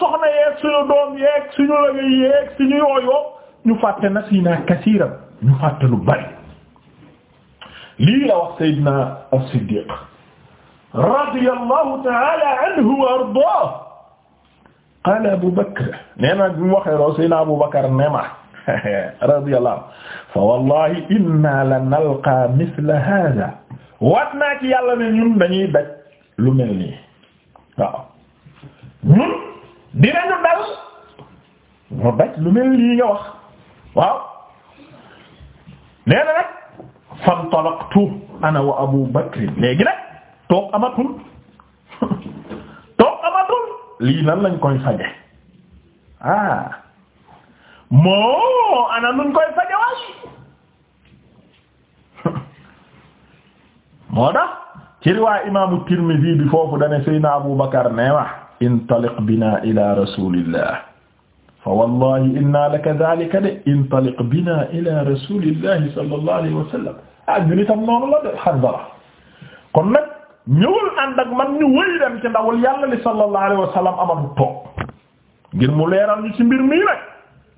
soxna yeeg suñu doom yeeg suñu lëgëy yeeg suñu yooyoo ñu fàtte nasiina kasiiram ñu fàtte lu bari lii la wax Seydina as-Siddiq radiyallahu ta'ala anhu wa ardaahu qaala Abu Bakr nee na bi mu waxee lool Seydina Abu Bakr ne ma radiyallahu fa wallahi inna la nalqa mithla hadha waat naa ci yàlla ne ñun dañuy daj lu mel nii waaw ñun dinañu dal ñu daj lu mel lii nga wax waaw nee na nag fantalaqtu ana wa abu bakr léegi nag toog amatul toog amatul lii lan lañ koy faje ah moo ana nuñ koy faje waay moo tax ci riwaa imaamu Tirmidhi bi foofu dane Seydina Abu Bakar nee intaliq bina ila rasulillah fa wallahi inna laka dhalika de intaliq bina ila rasulillah sallallahu alayhi wa sallam ah ñu itam noonu la de Hanzala kon nag ñëwul ànd ak man ñu wëy dem ci ndawul yàlla li sallallahu alayhi wa sallam amatu toog ngir mu leeral ñu ci mbir mii nag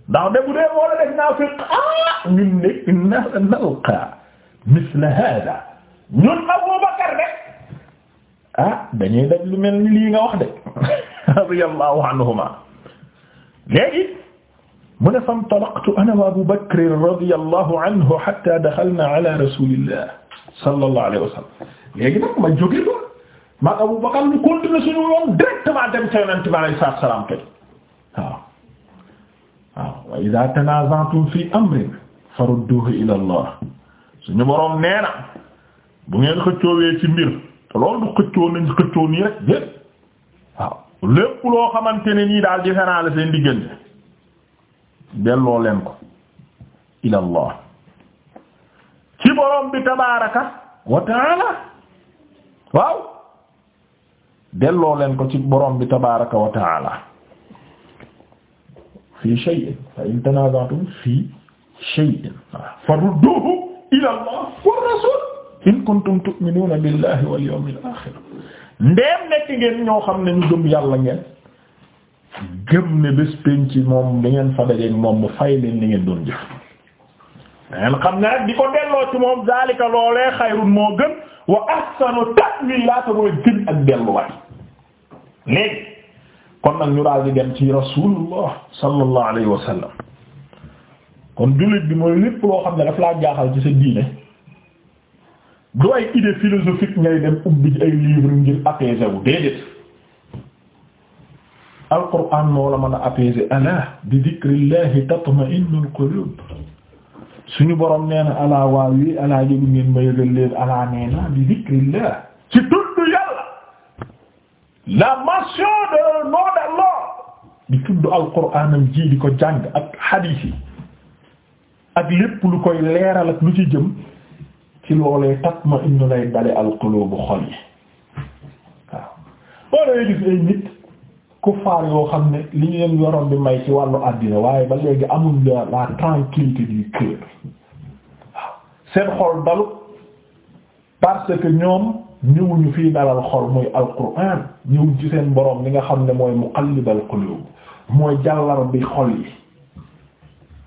ndax de bu dee wala def naa fi ah ñun ne inna nalqa misla hada ñun Abubakar de ah dañuy def lu mel ni lii nga wax de radiyallahu anhuma léegi mu ne fantalaqtu ana wa Abu Bakr radiyallahu anhu hatta dakhalna ala rasulillah sallallahu alayhi wa sallam léegi nag ma jóge ba ma Abu Bakr ñu continuer suñu yoon directement dem ca Yonent bi alayhi salaatu wa salaam kay waaw waaw wa idha tanaza'tum fi amrin farudduhu ila Allah suñu boroom nee na bu ngeen xëccoowee ci mbir te loolu du xëccoo nañ xëccoo nii rek waaw lépp loo xamante ne nii daal différent la seen diggante delloo leen ko ilallah ci borom tabaaraka wa waaw delloo leen ko ci borom bi tabaaraka wa fii shay'in fa in tanaza'tum fii shay'in farudduhu ilallah wa rasul in kuntum tu'minuna billahi wal yawmil ndeem nekk ngeen ñoo xam ne ñu gëm yàlla ngeen gëm ne bés pénc moom da ngeen fa dajeek moom mu fay leen li ngeen doon jëf dangeen xam ne rek di ko delloo ci moom zalika loolee xayrun moo gën wa ahsanu ta'wil ak delluwaay léegi kon nag ñu daal di dem ci rasulullah sallallahu alayhi wa sallam kon jullit bi mooy lépp loo xam ne daf laa jaaxal ci sa diine du ay idée philosophique ngay dem ubbi ay livre ngir apaiser wu déedéet alquran moo la mën a apaiser ala bi dhikrillahi tatma'innul qulub suñu borom nee na ala waawi ala yëgu ngeen ma yëgal leen ala nee na bi dhikrillah ci tudd yàlla la mention de nom d'Allah di tudd alquranam ji di ko jàng ak hadith ak lépp lu koy leeral ak lu ci jëm ci loolee tatma innu lay dale alqulubu xol yi waaw boo dee gis nit kuffaar yoo xam ne li ñu leen yoroon bi may ci wàllu àddina waaye ba léegi amul la la tranquillité du cœur waaw seen xol dalu parce que ñoom ñëwuñu fii dalal xol muy alquran ñëwuñ ci seen borom li nga xam ne mooy muqallibal qulub mooy jàllar bi xol yi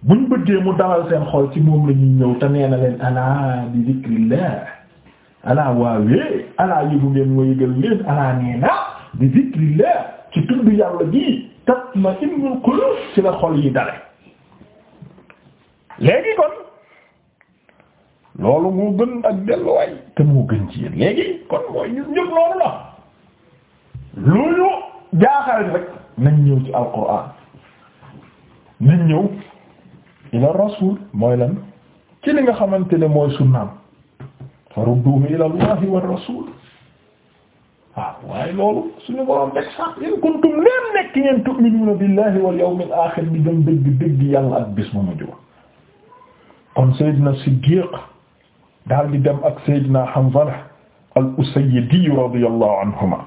buñ bëggee mu dalal seen xol ci moom lañuy ñëw te nee leen alaa bi zikrillah alaa waawee alaa yëgu ngeen ma yëgal leen alaa nee bi zikrillah ci tudd yàlla gi tatma'innul qulub ci la xol yi dale léegi kon loolu moo gën ak delluwaay te moo gën ci yéen léegi kon mooy ñun ñëpp loolu la lu ñu jaaxal rek nañ ñëw ci alquran nañ ñëw ila rasul mooy lan ci li nga xamante ne mooy sunnaam farudduhu ila allahi wa rasul waaw waaye loolu suñu borom rek sax in kuntum leen nekk ngeen tu'minuuna billahi wal yawmil axir bi gëm dëgg dëgg yàlla ak bis bu mujj kon Seydina Siddiq daal di dem ak Seydina Hanzala al-Usayyidi radiyallahu anhuma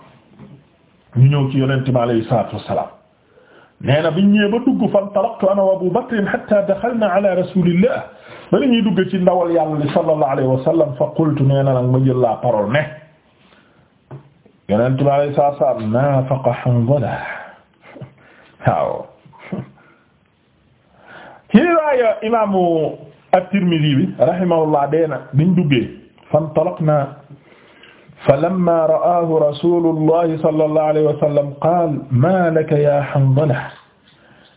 ñu ñëw ci yonente bi alayhi salaatu wassalaam nee na biñ ñëwee ba dugg fan talaqtu ana wa Abu Bakr hatta daxalna ala rasulillah ba la ñuy dugg ci ndawal yàlla li sallallahu alayhi wa sallam fa qultu nee na nag ma jël la parole ne yonent bi alayhi salaatu salaam naafaqa Hanzala waaw ci riwaaya imaamu at-Tirmidhi bi rahimahullah dee na biñ duggee fan talaqna falammaa ra'aahu rasuulullaahi sallallaahu alayhi wa sallam qaala maa laka yaa Hanzala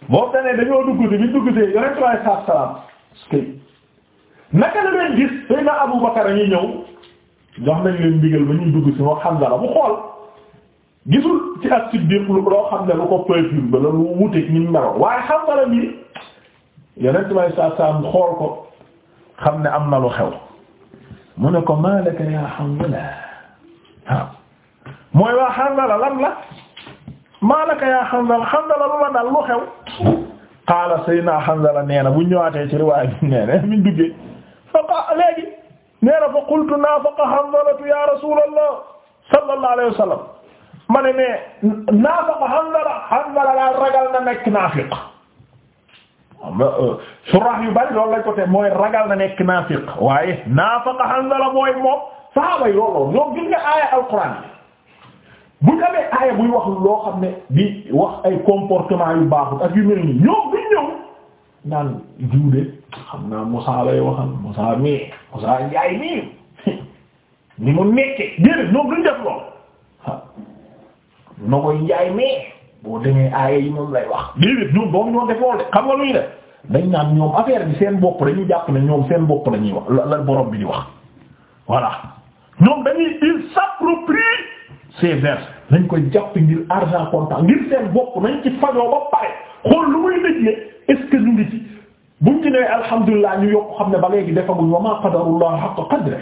boo ko nee dañoo dugg ci biñ dugg ci yonent bi alayhi salaatu wa salaam naka la leen gis Seydina Abu Bakar ñu ñëw jox nañ leen ndigal ba ñuy dugg ci moom Hanzala bu xool gisul ci as-Siddiq lu loo xam ne lu ko perturbé ba lu wuteeg ni mu meloon waaye Hanzala bi yonent bi alayhi salaatu wa salaam xool ko xam ne am na lu xew mu ne ko maa laka yaa Hanzala waaw mooy waa Hanzala lan la maalaka yaa Hanzala Hanzala lu la dal lu xew qaala sayna Hanzala nee na bu ñëwaatee ci riwaaya bi nee na mi duggee fa qa léegi nee na fa qultu naafaqa Hanzalatu ya rasuulallah sallallahu alayhi wa sallam ma ne mais naafaqa Hanzala Hanzala daal ragal na nekk naafiq euh, surah yu bari loolu lañ ko te mooy ragal na nekk naafiq waaye naafaqa Hanzala mooy moom saaba yi looloo ñoom gis nga aaya alquran bu ñu aaya buy wax loo xam ne di wax ay comportement yu baaxut ak yu mel nii ñoom duñ ñëw naan juude xam naa Moussa lay waxal Moussa mi Moussa Ndiaye mi ni boo demee aaya yi moom lay wax déedéet ñoom doom ñoo def lool de xam nga lu ñu def dañ naan ñoom affaire bi seen bopp dañuy jàpp ne ñoom seen bopp la wax la borom bi di wax voilà. ñoom dañuy il s'approprie ces vers nañ koy jàpp ngir argent comptant ngir seen bopp nañ ci fajoo ba pare xool lu muy dëjee est-ce que ñu ngi alhamdulilah ñu yokk xam ne ba léegi defaguñ wa ma qadarullah haqq qadri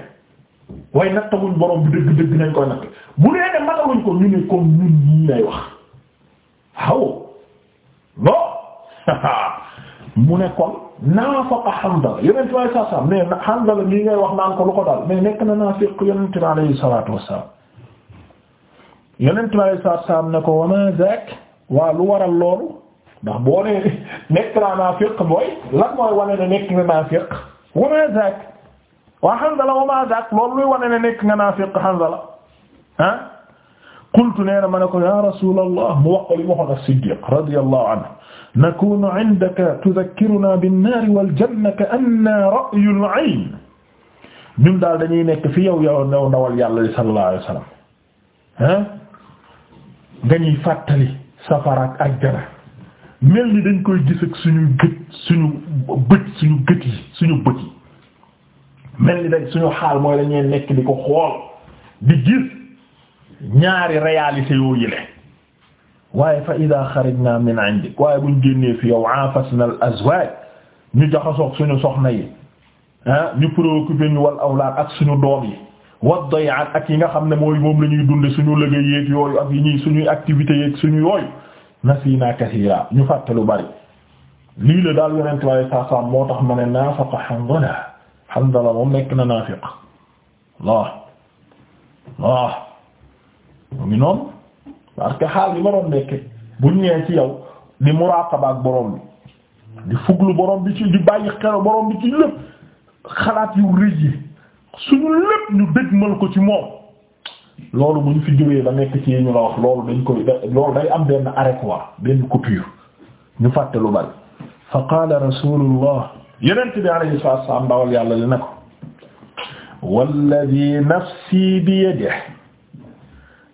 waaye nattaguñ borom bi dëgg dëgg nañ koy natt bu nee ne mataluñ ko ne comme ñun ñii lay wax waaw mu ne kon naafaqa Hanzala yonent bi alayhi salaam mais Hanzala lii ngay wax naan ko lu ko dal mais nekk na naafiq yonent bi alayhi salaatu ko wa maa zaak waa lu waral lool ndax boo ne nekk naafiq mooy lan mooy wane ne nekk na naafiq wa maa zaak waa Hanzala wa maa zaak loolu luy wane ne nekk nga naafiq Hanzala ah. qultu nee na ma ne ko ya rasulallah mu wax ko li mu waxoon as-Siddiq radiyallahu anhu nakunu indaka tudakkiruna bin-naari wal-janna ka-annaa ra'yul 'ayn ñun daal dañuy nekk fi yow yow new ndawal yàlla li sallallahu alayhi wa sallam ah nga ñuy fàttali safara ak ajjana mel ni dañ koy gis ak suñu gët suñu bët suñu gët yi suñu bët yi mel ni dañ suñu xaal mooy dañuy nekk di ko xool di gis ñaari réalité yoo yile waaye fa ida xarajna min indik waaye buñ génnee fi yow aafasna al azwaaj ñu jaxasoog suñu soxna yi ah ñu préoccupé ñu wal awlaad ak suñu doom yi wa dayaat ak yi nga xam ne mooy moom la ñuy dunde suñu liggéey yeeg yooyu ak yi ñuy suñuy activité yeeg suñu yooyu nasiina kasiira ñu fàtte lu bari lii la daal yonent waaye saa moo tax ma ne naafaqa Hanzala Hanzala na Allah Allah mu ngi noonu parce que xaal bi ma doon nekke buñ ci yow li muraqaba ak borom bi di fuglu borom bi ci di bàyyi xel borom bi ci lépp xalaat yu ko ci moom loolu bu ñu fi jógee ba nekk ci ñu la wax loolu dañ koy loolu day am benn arrêt quoi benn coupure ñu fàtte lu bari fa qaala rasulullah yonent bi alayhi yàlla li ne ko walladi nafsi bi yadihi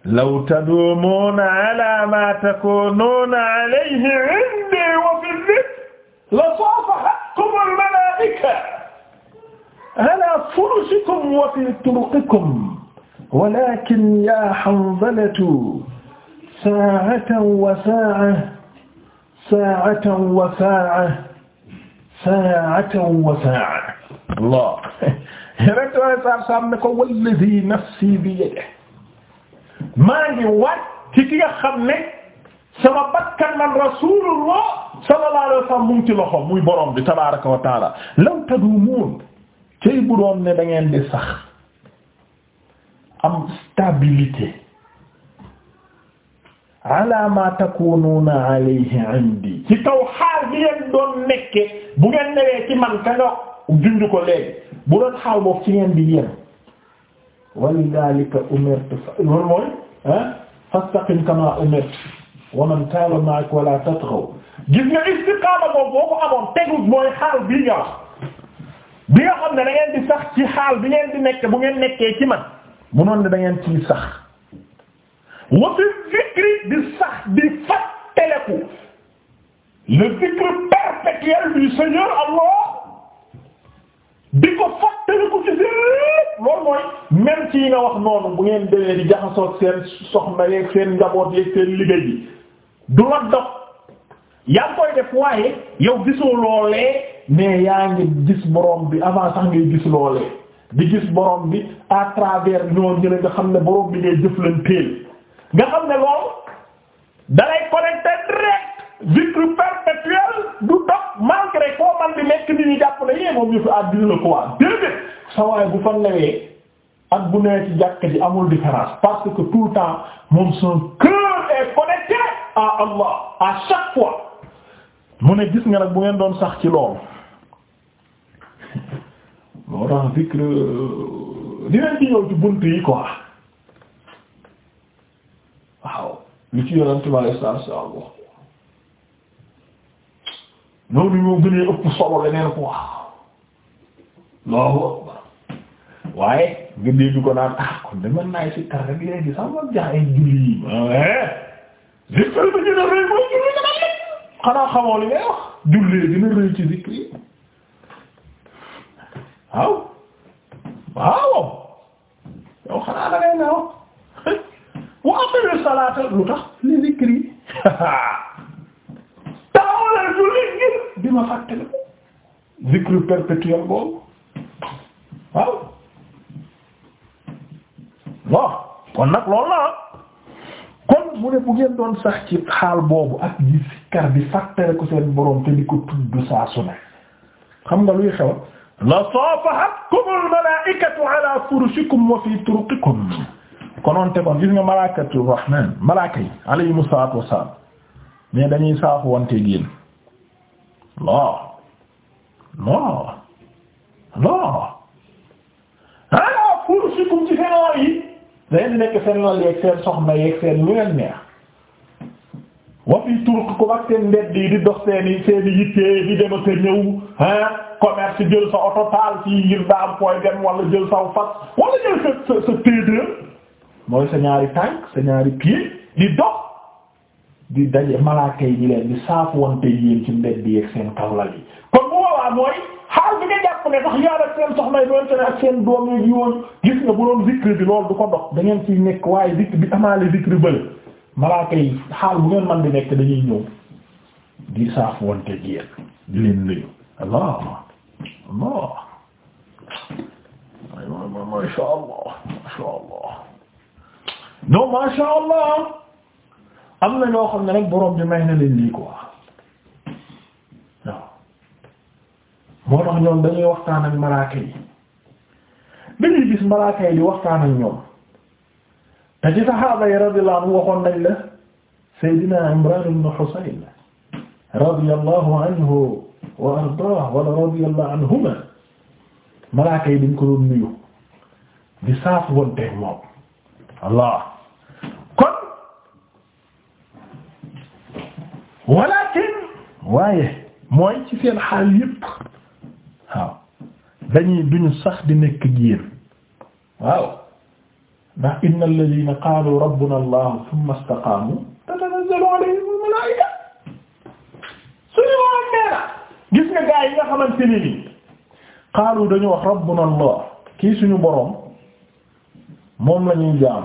law taduumuuna ala maa takuunuuna alayhi indi wa fi dhikri la saafahatkum al-malaa'ika ala furushikum wa fi turuqikum walaakin yaa Hanzalatu saa'atan wa saa'atan saa'atan wa saa'atan saa'atan wa saa'atan. Allah, yéen a ngi koy saabsaab ne ko walladhii nafsii biyadihi maa ngi waat ci ki nga xam ne sama bakkan man rasulullah sallallahu mu ngi ci loxo muy borom bi tabaraka wa taala law tadumuun cay bu doon ne da ngeen di sax am stabilité ala ma takununa alayhi indi ci kaw xaal bi ngeen doon nekke bu ngeen newee ci man ka nga junj ko bu doon xaal boobu ci ngeen di yem walidaalika umirtu mooy ah fastaqim kama umirtu wa man taaba ma'ak wala tatghaw gis nga istiqaama boobu boo ko amoon tegu mooy xaal bii nga bi nga xam ne da ngeen sax ci xaal bi ngeen di nekk bu ngeen nekkee ci man mu noon ne da ngeen sax wa fi zikri sax di yi nga wax noonu bu ngeen demee di jaxasoo seen soxna yeeg seen njaboot yeeg seen liggéey bi du la dox yaa ngi koy def gisoo loolee mais yaa ngi gis boroom bi avant sax ngay gis loolee di gis borom bi à travers ñoo nga xam ne borom bi ngay jëflanteel nga xam ne loolu dalay connecté direct vitre perpétuelle du dox malgré koo man di nekk nit ñi jàpp ne yee moom ñu fi àddina la déedéet sa waaye bu fa newee ak bu nee ci amul différence parce que tout le temps moom son cœur est connecté à Allah à chaque fois mu ne gis nga nag bu ngeen doon sax ci loolu moo tax zikr euh, dinañ ci ñëw ci bunt yi quoi waaw lu ci yonent bi alayhi salaatu salaam wax noonu ñoo gënee ëpp solo leneen quoi Allahu akbar waaye nga dégg ko naan ah kon de mën naay si kar rek léegi sax ma jaay julli yi eh? zikr bi dina rëy mooy julli dama lekk xanaa xamoo li ngay wax jullee dina rëy ci zikr yi waaw waaw yow xanaa da ngay nelaw wa aqimu salaata lu tax li zikri yi taxawal julli ngir di ma fàttali zikr waaw kon nag loolu la kon mu ne bu ngeen doon sax ci xaal boobu ak di sikkar bi fàttale ko seen borom te di ko tudd saa su xam nga luy xew la saafahatkumul malaa'ikatu ala furushikum wa fi turuqikum konoon te kon gis nga malaakatu rahmaan malaaka yi alayhimu salaatu wassalaam mais dañuy saafu wante génn loo loo loo ala furushikum ci seen war yi dañu nekk seen lal yeeg seen soxna yeeg seen lu leen neex wa fi turqikum ak seen mbedd yi di dox seen i i yitte di dem ak a ñëw ah jël sa oto taal fii ngir fooy dem wala jël saw fas wala jël sa sa sa mooy sa ñaari tànk sa ñaari pied di dox di daje malaaka yi ñu leen di saafu wante yéen ci mbedd yeeg seen kawlal yi kon bu boobaa mooy. xaal bi nga jàpp ne sax yaa ak seen soxna yi doonte ne ngeen ciy nekk waay zikr bi amaale zikr bële malaaka yi xaal bu ngeen man di nekk dañuy ñëw di saaf wante géer di leen nuyu Allah Allah ma masha Allah masha Allah non masha am na ñoo xam ne rek borom bi may na leen lii moo tax ñoom dañuy waxtaan ak malaaka yi dañuy gis malaaka yi di waxtaan ak ñoom te ci saxaaba yi radiyallahu anhu waxoon nañ la Seydina Imran ibn Husayn radiyallahu anhu wa ardaah wala radiyallahu anhuma malaaka yi dañ ko doon nuyu di saaf wonte moom Allah kon walakin waaye mooy ci seen xaal yépp dañuy duñu sax di nekk ak yéen waaw ndax inna alladhina qaalu rabbuna allah thumma istaqaamu tatanazzalu alayhim almalaa'ika suñu woon nee na gis nga gaa yi nga xamante ni nii qaalu dañu wax rabbuna allah kii suñu boroom moom la ñuy jaam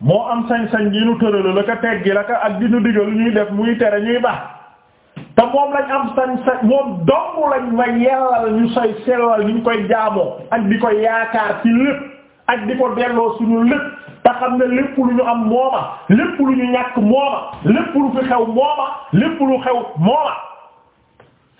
moo am sañ-sañ yi ñu tëral la ka teggi la ka ak di ñu digal ñuy def muy tere ñuy baax te moom lañ am sañ sañ moom dong lañ ma yellal ñu say sellal ñu koy jaamoo ak di ko yaakaar ci lépp ak di ko delloo suñu lépp te xam ne lépp lu ñu am mooma lépp lu ñu ñàkk mooma lépp lu fi xew mooma lépp lu xew mooma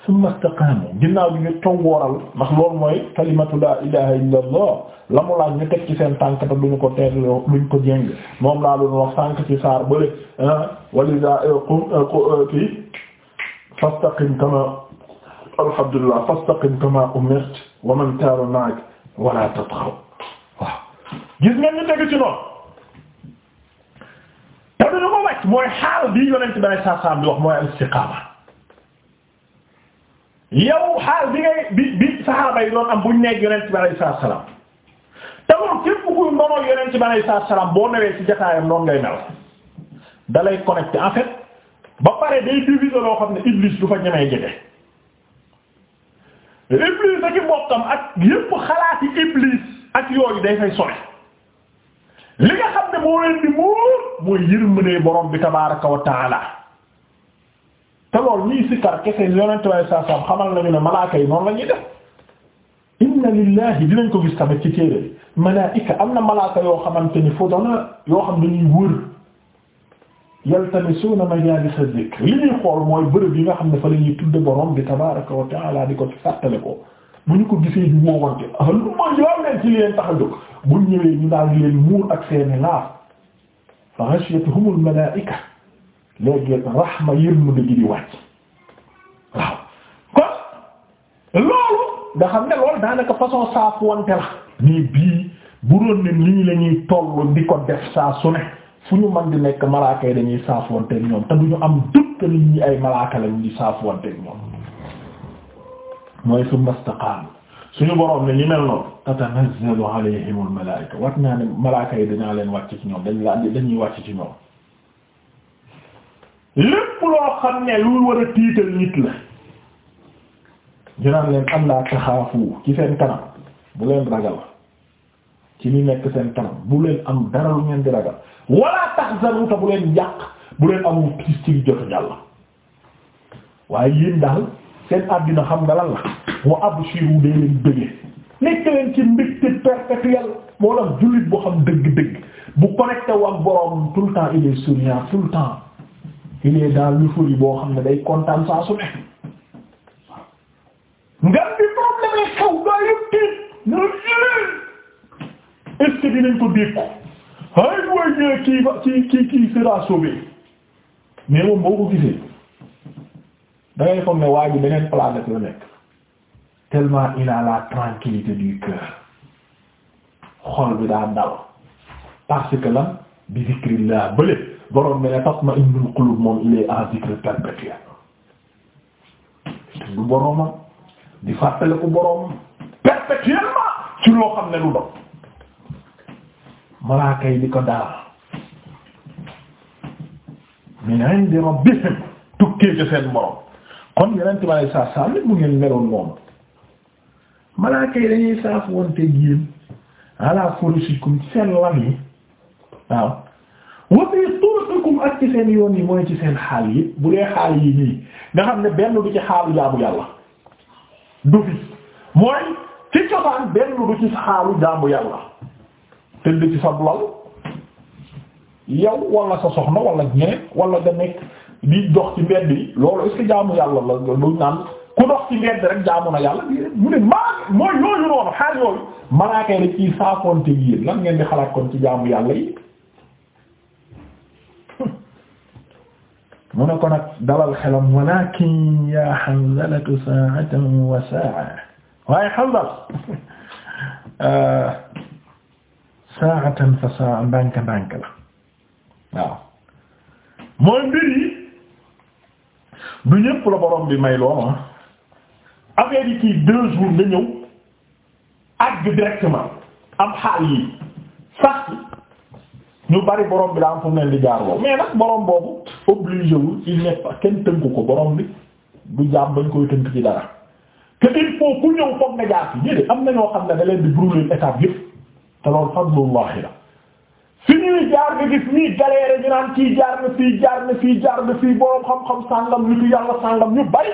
summa istaqaamu ginnaaw bi ñu tongooral ndax loolu mooy kalimatu laa ilaha illa allah la mu laaj ñu teg ci seen tànk te duñu ko teerloo duñ ko jéng moom laa doon wax tànk ci saar bële ah, waliza kii fastaqim kama alhamdulillah fastaqim kama umirt wa man ma'ak wala tatghaw waaw gis ngeen ñu dégg ci noonu te duñu ko wàcc bi yonent bi saa saa bi wax mooy istiqaama yow xaal bi ngay bi bi saxaaba yi doon am buñ nekk yonent bi alayhi salaatu salaam te moom képp kuy ndono yonent bi alayhi salaatu boo newee ci jotaayam ba pare day diviser loo xam ne iblis du fa ñemee jege iblis ak i mbokkam ak yépp xalaati iblis ak yooyu day fay sore li nga xam ne moo leen di muur mooy yërmande borom bi tabaaraka wa taala te lool ñuy sikkar kese yonent bi saa saam xamal nañu ne malaaka yi noonu la def inna lillahi dinañ ko gis tamit ci téere malaa'ika am na malaaka yoo xamante ni foo doona yoo xam dañuy wër yaltamisuuna majaalisa zikr li ñuy xool mooy bërëb yi nga xam ne fa la ñuy tudde borom bi tabaaraka wa ta'aala di ko ci fàttale ko bu ñu ko gisee ñu woowante ah lu ma jox leen ci leen tax a jóg bu ñëwee ñu daal di leen muur ak seeni laaf fa ghashiyatuhumul malaa'ika léegi rahma yërmande gi di wàcc waaw kon loolu nga xam ne loolu daanaka façon saafu wante la nii bii bu doon ne nii la ñuy toll di ko def saa ne. fu ñu man di nekk malaaka yi dañuy saafoonteek ñoom te du ñu am dëkk nit ñi ay malaaka lañ di saafoonteek ñoom mooy summa istaqaamu suñu boroom ne ñi mel noonu tatanazzalu alayhimul malaa'ika wat naa ne malaaka yi dinaa leen wàcc ci ñoom dañ laa dañuy wàcc ci ñoom lépp loo xam ne lu war a tiital nit la ñu naan leen am laa taxaafu ci seen kanam bu leen ragal ci ñu nekk seen kanam bu leen am dara lu ngeen di ragal wala tahzanu ta bu leen yàq bu leen amul tiis ci jot jàll waaye yéen daal seen àddina xam nga lan la wa abshiru dee leen bëggee nekk leen ci mbégte perpétuel moo tax jullit boo xam dëgg-dëgg bu connecté wu borom tout le temps il est souriant le temps il est dans l'euphorie boo xam ne day kontaan saa su nekk nga di problème xew gaa yëpp tiit ñu est-ce que dinañ ko dégg hay way ñee kii fa kii kii kii sera sauvé mais moom boo ko gisee dangay foog ne waa ji beneen planète la nekk tellement il a la tranquillité du cœur xol bi daa dal parce que bi zikrillah bële borom bi ne tatma innul qulub moom il est en zikr perpétuel du boromam di fàttaliku boromam perpétuellement ci loo xam ne lu dox malaaka yi di ko daal min indi rabbihim tukkee ci seen borom kon yonent bi alayhi salaatu salaam mu ngeen meloon noonu malaaka yi dañuy saafu wante yéen ala furuusikum seen lan yi waaw wa fi ak ci seen yoon yi mooy ci seen xaal yi bu dee xaal yi nii nga xam ne benn du ci xaalu jaamu yàlla du fi mooy ci cosaan benn du ci xaalu jaamu yàlla tëdd ci sa lal yow wala sa soxna wala ñeneen wala nga di dox ci mbedd yi loolu est-ce que jaamu yàlla la luñ naan ku dox ci mbedd rek jaamu na yàlla mu ne maa mooy yooyu noonu xaal yooyu malaaka yi ciy saafoonte yéen lan ngeen di xalaat kon ci jaamu yàlla yi mu ne ko nag dalal xelam walakin ya Hanzalatu sa'atan wa sa'a waaye Hanzal euh, saatan fa saa ndànk ndànk la waaw mooy mbir yi du ñëpp la borom bi may lool ah. affaire yi kii deux jours nga ñëw àgg directement am xaal yi sax ñu bari borom bi daa am fu mel ni jaarloo mais nag borom boobu obligé wu il n'est kenn tënku ko borom bi du jaam bañ koy tënk ci dara que il ñëw foog na jaar fi ñi am na ñoo xam ne da leen di brûler étape yëpp. te loolu fadlullahi la fi ñuy jaar nga gis ñuy galère ñu naan kii jaar na fii jaar na fii jaar na fii boroom xam-xam sàngam nitu yàlla sàngam ñu bari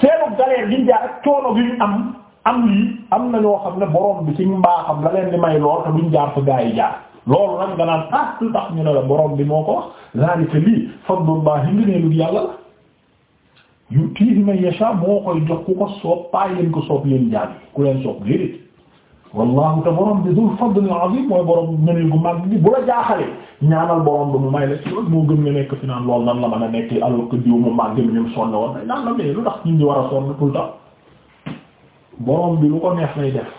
seenu galère jaar ak coono am am am na ñoo ne borom bi ci mbaaxam la leen di may lool te duñ jaar fa gaa jaar loolu nag nga naan ah tax ñu ne la borom bi moo ko wax zalika lii fadlullahi ngëneelu yàlla la yu tiihi man yasha moo koy jox ku ko soob paa yéen ko soob yéen jaar ku leen soob déedéet wallahu te borom bi dul fadlil azim mooy borom ngëneel gu mag bi bu la jaaxalee ñaanal borom bi mu may la ci loolu moo gëm nga nekk fi naan loolu nan la mën a nekk alors que diw mu mag bi ñu sonn woon dañ naan la mais lu tax ñun ñu war a sonn tout le temps borom bi lu ko neex lay def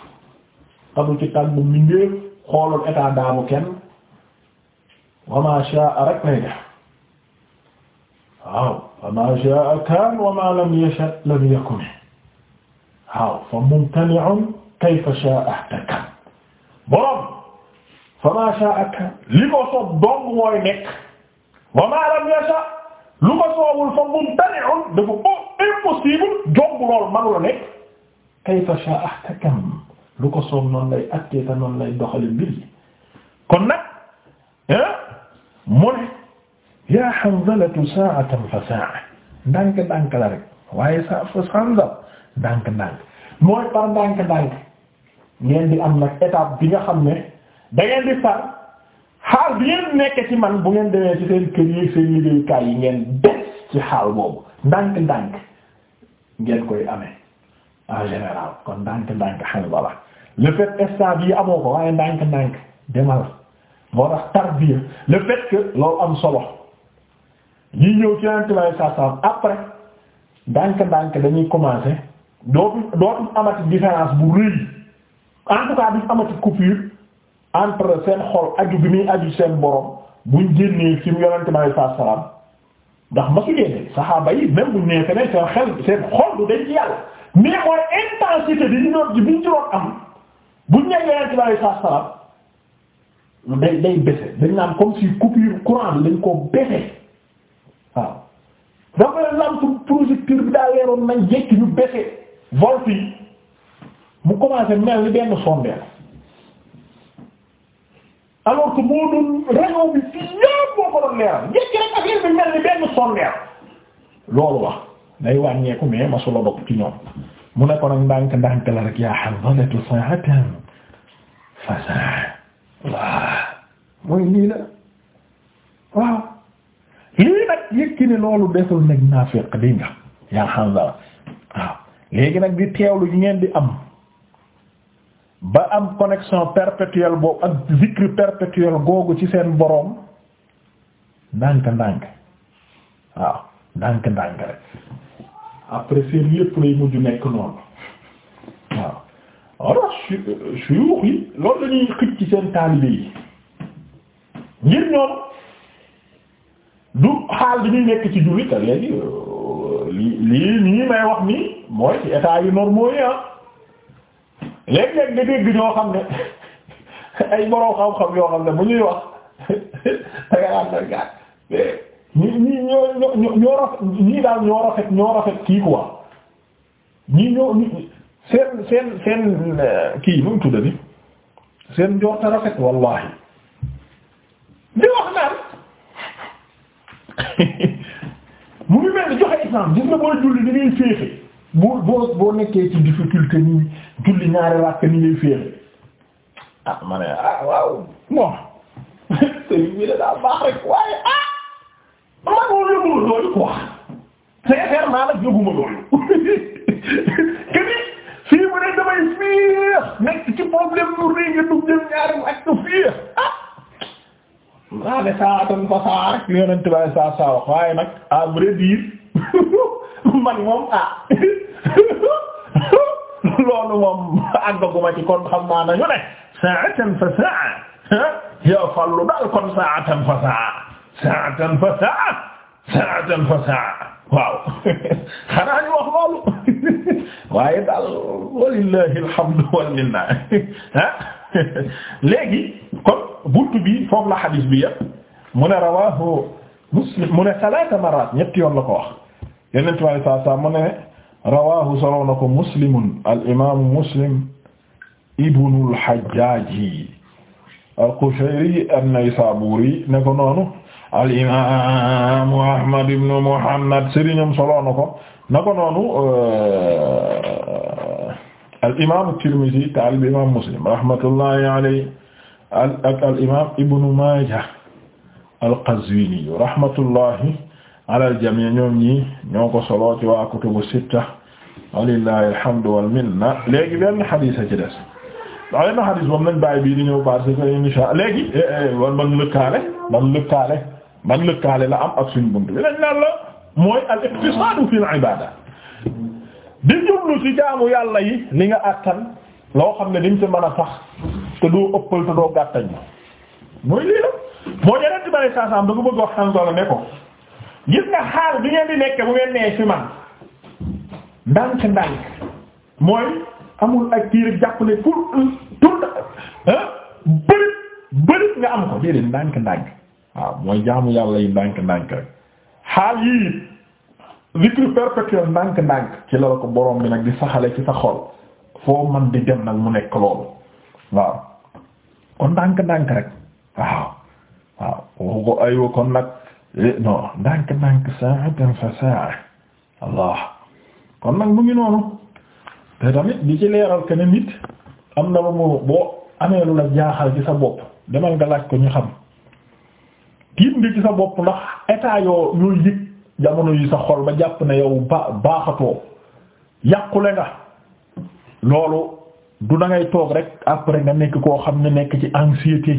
tadu ci tàgg bu mbindeef xoolul état daamu kenn wa ma sha'a rek lay def waaw wa ma sha'a kaan wa ma lam yasha lam yakun waaw fa mumtani'un kayfa sha'a ahtaka borom fa ma sha'aka li ko soob dong mooy nekk wa ma lam yasha lu ko soobul fa mumtani'un dafa o impossible jomb lool manu la nekk kayfa sha'a ahtakam lu ko soob noonu lay attee te noonu lay doxale mbir kon nag mu ne yaa Hanzalatu saa'atan fa saa'a ndànk ndànk la rek waaye sa fa Hanzal ndànk ndànk mooy par ndànk ndànk ngeen di am nag étape bi nga xam ne da di far xaal bi ngeen nekk ci man bu ngeen demee ci seen kër yi seen liggéeyukaay yi ngeen des ci xaal boobu ndànk-ndànk ngeen koy amee en général kon ndànk-ndànk xel walla le fait instant bii amoo ko waaye ndànk-ndànk demal moo tax tarbiya le fait que loolu am solo ñi ñëw ci antiwaayu saa saa après ndànk-ndànk dañuy commencer dootu dootu amati différence bu rëy. en tout cas bi amati coupure entre seen xol aju bi muy aju seen borom buñ génnee ci yonent bi alayhi salaam ndax ma su génne saxaaba yi même buñ nee feneen seen xel seen xol du dañ ci yàlla mais mooy intensité bi ñu doon day day bese dañ naan comme si coupure courant bi dañ bese waaw dafa lampe projecteur bi daa leeroon nañ jekki ñu bese volts mu commencé mel ni benn sondeel alors que moo doon rayon bi fii ñëpp ko doon leeral njëkk rek affaire bi mel ni benn sondeel loolu wax day wàññeeku mais masu la dog ci mu ne ko nag ndànk ndànk la rek yaa Hanzalatu sa'atan fa sa'a waa mooy lii la waaw lii nag yëkki ne loolu desul nag naafiq di nga yaa Hanzala waaw léegi nag di teewlu ñu ngeen di am ba am connexion perpétuelle boobu ak zikr perpétuel googu ci seen boroom ndànk-ndànk waaw ndànk-ndànk rek après seen lépp lay mujj nekk noonu waaw alors suyuux yi loolu lañuy xëcc ci seen taalibe yi ngir ñoom du xaal bi ñuy nekk ci jullit léegi euh, lii lii nii may wax nii mooy ci état yu normaux yi ah léeg-léeg nga dégg ñoo xam ne ay borom xam-xam yoo xam ne bu ñuy wax da nga am na ñi ñi ñoo ñoo ñoo rafet ñii daal ñoo rafet ñoo rafet kii quoi ñii ñoo seen seen seen euh, kii ni seen njorta wallahi di wax naan mu ngi mel ni joxe exemple gis nga booy julli ni ngay féexe boo boo boo nekkee ci difficulté ni julli ñaari rakk ni ngay féere ah ma ne ah waaw bon sëriñ bi da daa baax waaye ah man moom yóbbul loolu quoi sincèrement nag yóbbuma loolu que ni fii mu ne damay fiix nekk ci problème lu rëy nga dug jël ñaari rakk fiix ah maa ne saatan fa saa rek li yonent baay saa saa wax waaye nag à vrai dire man moom ah loolu fa sa'a ah, ya fallu daal kon fa sa'a sa'atan fa sa'a sa'atan fa sa'a waaw xanaa ñu wax loolu minna ah léegi kon bi foofu la hadis bi yëpp mu ne rawahu muslim mu ne salaata maraat ñetti yoon la ko yeneen tubaab yi saa saa mu ne rawaahu solo na ko muslimun al imaamu muslim ibnul hajjaaji al qushayri an-naysaburi ne ko noonu al imaamu ahmad ibn muhammad sëriñam solo na ko na ko noonu euh, al imaamu tirmidhi taalib imaamu muslim rahmatullahi alayhi ak al imaam ibnu maajah al qazwini rahmatullahi alal jamii ñoom ñi ñoo ko solo ci waa kutubu sitta walillahi alhamdu wal minna léegi benn xadiis a ci des waaye xadiis moom lañ bàyyi bii di ñëw parce que insha léegi wan eh, eh, eh, ban lëkkaale ban lëkkaale ban la am ak suñ bi lañ naan la mooy al iqtisaadu fi al ibaada jublu ci jaamu yàlla li nga àttan loo xam ne diñ ci mën a sax te doo ëppal te doo gàttañ mooy lii la moo yeneen ti bari saa saam da ko bëgg wax Hanzala ne ko gis nga xaal bi ngeen di nekk bu ngeen nee fi man ndànk ndànk mooy amul ak tiir jàpp ne pour tour bërit bërit nga am ko déedéet ndànk ndànk waaw mooy jaamu yàlla yi ndànk ndànk rek xaal yii zikr perpétuel ndànk ndànk ci la ko borom bi nag di saxale ci sa xol foo man di dem nag mu nekk loolu waaw kon ndànk ndànk rek waaw waaw ko aywa kon nag Eh, non ndànk ndànk sa'atan fa sa'a kon nag mu ngi noonu te tamit di ci leeral que nit am na lu mu boo amee lu la jaaxal ci sa bopp demal nga laaj ko ñu xam tiit nga ci sa bopp ndax état yoo ñooy yëg jamono yi sa xol ba jàpp ne yow baaxatoo yàqule nga loolu du da toog rek après nga nekk koo xam ne nekk ci anxiété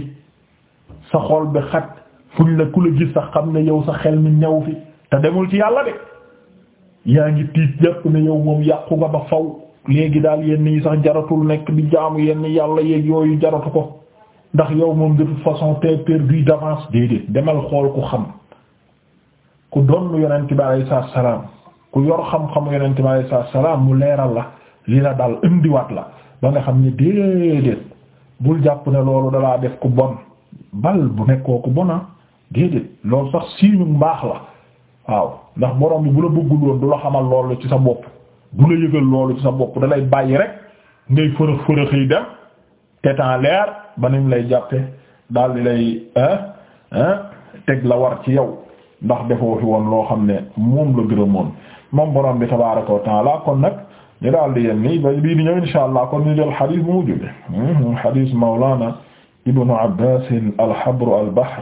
sa xol bi xat. fuñ la ku la gis sax xam ne yow sa xel mi new fi te demul ci yàlla de yaa ngi tiit jàpp ne yow moom yàqu nga ba faw léegi daal yenn yi sax jaratul nekk di jaamu yenn yàlla yeeg yooyu jaratu ko ndax yow moom de toute façon t'es perdu d'avance déedéet demal xool ku xam ku doon yonent bi alayhi salaam ku yor xam-xamu yonent bi alayhi salaam mu leeral la li la daal indiwaat la ba nga xam ni déedéet bul jàpp ne loolu dalaa def ku bon bal déedéet loolu sax siinu mbaax la waaw ndax borom bi bu la bëggul woon du la xamal loolu ci sa bopp du la yëgal loolu ci sa bopp da lay bàyyi rek ngay fërëx fërëx dem te en leer ba ni mu lay jàppe daal di lay teg la war ci yow ndax defoo fi woon loo xam ne moom la gërëmoon moom borom bi tabaaraka wa taala kon nag ñu daal di yem nii ba bii di ñëw insha allah kon ñu jël xadiis bu mu jóge hmm, xadiis mawlana ibnu abbasin alxabru albahr